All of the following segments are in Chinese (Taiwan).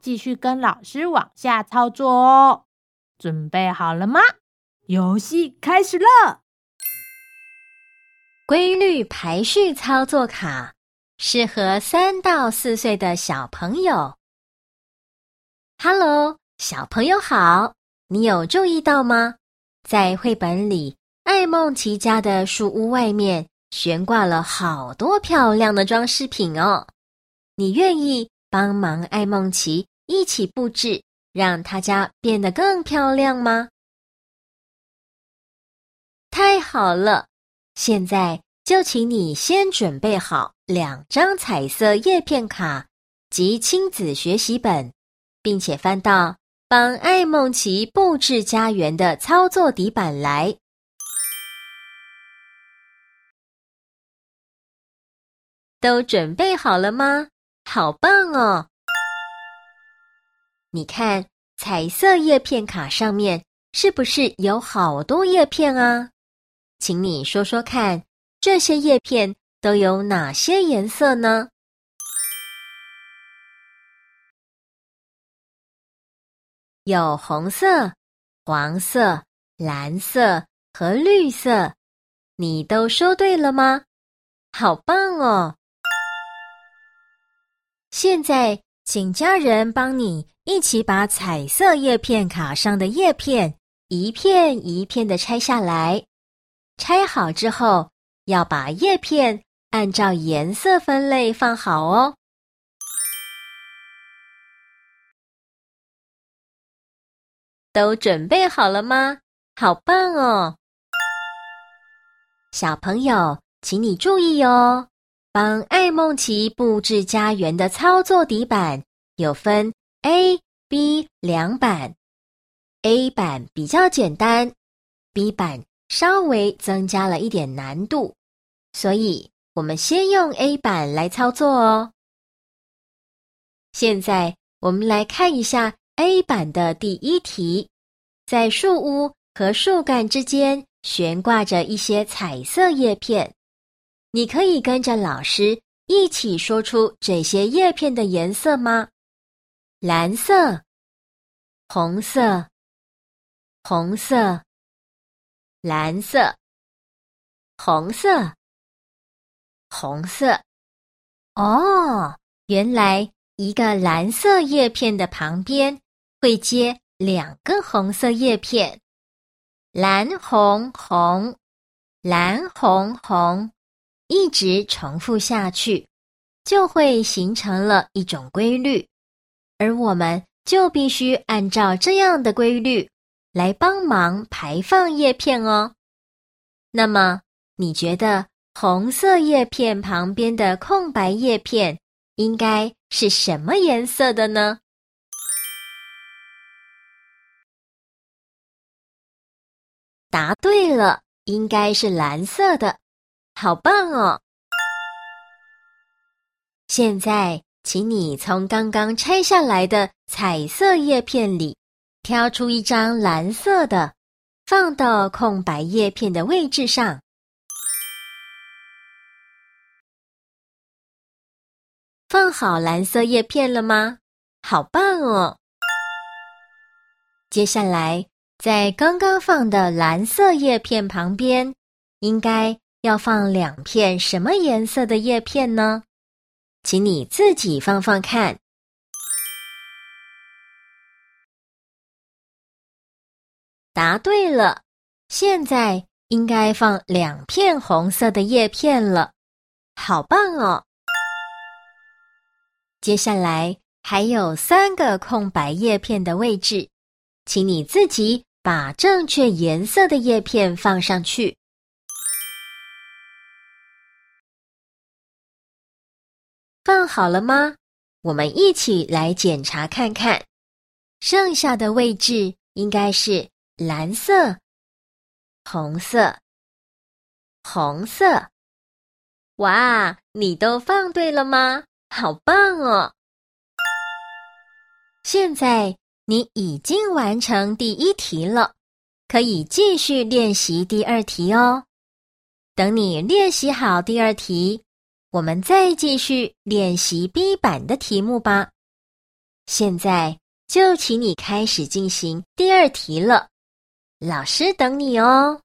繼續跟老師往下操作哦，準備好了嗎？遊戲開始了。規律排序操作卡適合三到四歲的小朋友。Hello，小朋友好，你有注意到嗎？在繪本裡，愛孟奇家的樹屋外面懸掛了好多漂亮的裝飾品哦。你願意幫忙愛孟奇一起佈置，讓他家變得更漂亮嗎？太好了！現在就請你先準備好兩張彩色葉片卡及親子學習本，並且翻到幫愛孟奇佈置家園的操作底板來。都準備好了嗎？好棒哦！你看，彩色葉片卡上面是不是有好多葉片啊？請你說說看，這些葉片都有哪些顏色呢？有紅色、黃色、藍色和綠色。你都說對了嗎？好棒哦！現在，請家人幫你一起把彩色葉片卡上的葉片一片一片地拆下來，拆好之後要把葉片按照顏色分類放好哦。都準備好了嗎？好棒哦！小朋友，請你注意哦。幫愛孟奇布置家園的操作底板有分 A、B 兩版，A 版比較簡單，B 版稍微增加了一點難度，所以我們先用 A 版來操作哦。現在我們來看一下 A 版的第一題，在樹屋和樹幹之間懸掛着一些彩色葉片。你可以跟着老師一起說出這些葉片的顏色嗎？藍色、紅色、紅色、藍色、紅色、紅色。哦，原來一個藍色葉片的旁邊會接兩個紅色葉片。藍紅紅，藍紅紅。一直重複下去，就會形成了一種規律，而我們就必須按照這樣的規律來幫忙排放葉片哦。那麼，你覺得紅色葉片旁邊的空白葉片應該是什麼顏色的呢？答對了，應該是藍色的。好棒哦！現在，請你從剛剛拆下來的彩色葉片裡，挑出一張藍色的，放到空白葉片的位置上。放好藍色葉片了嗎？好棒哦！接下來，在剛剛放的藍色葉片旁邊，應該要放兩片什麼顏色的葉片呢？請你自己放放看。答對了，現在應該放兩片紅色的葉片了，好棒哦！接下來還有三個空白葉片的位置，請你自己把正確顏色的葉片放上去。放好了嗎？我們一起來檢查看看，剩下的位置應該是藍色、紅色、紅色。哇，你都放對了嗎？好棒哦！現在你已經完成第一題了，可以繼續練習第二題哦。等你練習好第二題。我們再繼續練習 B 版的題目吧。現在就請你開始進行第二題了，老師等你哦。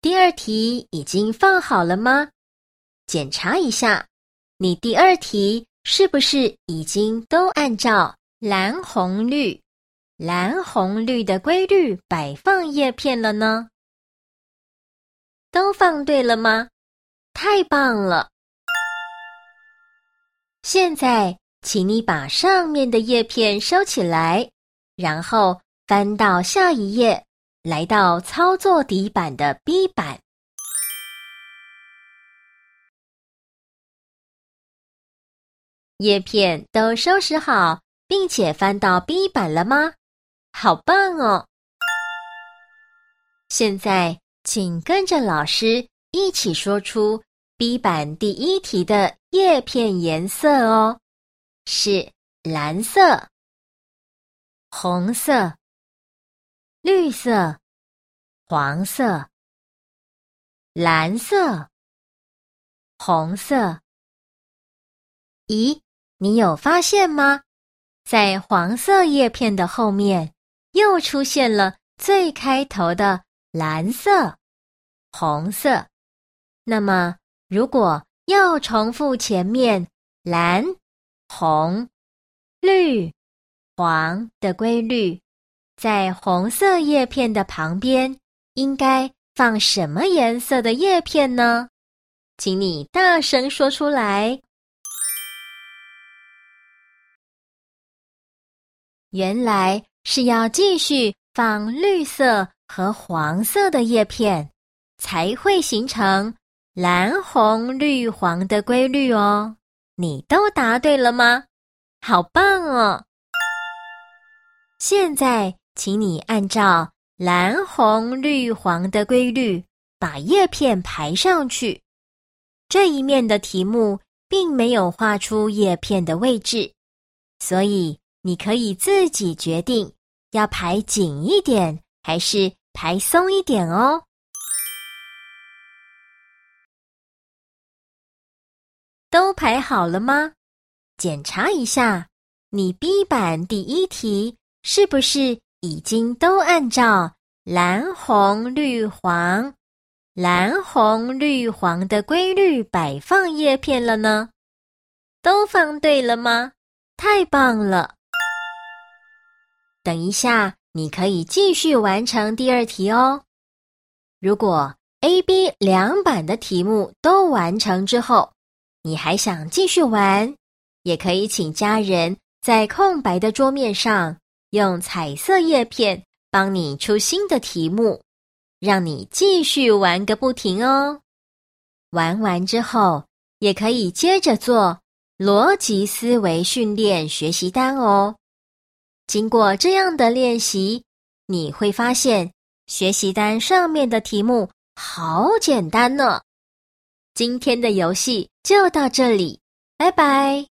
第二題已經放好了嗎？檢查一下，你第二題是不是已經都按照藍紅綠、藍紅綠的規律擺放葉片了呢？都放對了嗎？太棒了！現在，請你把上面的葉片收起來，然後翻到下一頁，來到操作底板的 B 板。葉片都收拾好，並且翻到 B 板了嗎？好棒哦！現在。請跟着老師一起說出 B 版第一題的葉片顏色哦，是藍色、紅色、綠色、黃色、藍色、紅色。咦，你有發現嗎？在黃色葉片的後面，又出現了最開頭的。藍色、紅色，那麼如果要重複前面藍、紅、綠、黃的規律，在紅色葉片的旁邊應該放什麼顏色的葉片呢？請你大聲說出來。原來是要繼續放綠色。和黃色的葉片才會形成藍、紅、綠、黃的規律哦。你都答對了嗎？好棒哦！現在，請你按照藍、紅、綠、黃的規律把葉片排上去。這一面的題目並沒有畫出葉片的位置，所以你可以自己決定要排緊一點還是。排鬆一點哦，都排好了嗎？檢查一下，你 B 版第一題是不是已經都按照藍紅綠黃、藍紅綠黃的規律擺放葉片了呢？都放對了嗎？太棒了！等一下。你可以繼續完成第二題哦。如果 A、B 兩版的題目都完成之後，你還想繼續玩，也可以請家人在空白的桌面上用彩色葉片幫你出新的題目，讓你繼續玩個不停哦。玩完之後，也可以接着做邏輯思維訓練學習單哦。經過這樣的練習，你會發現學習單上面的題目好簡單呢。今天的遊戲就到這裡，拜拜。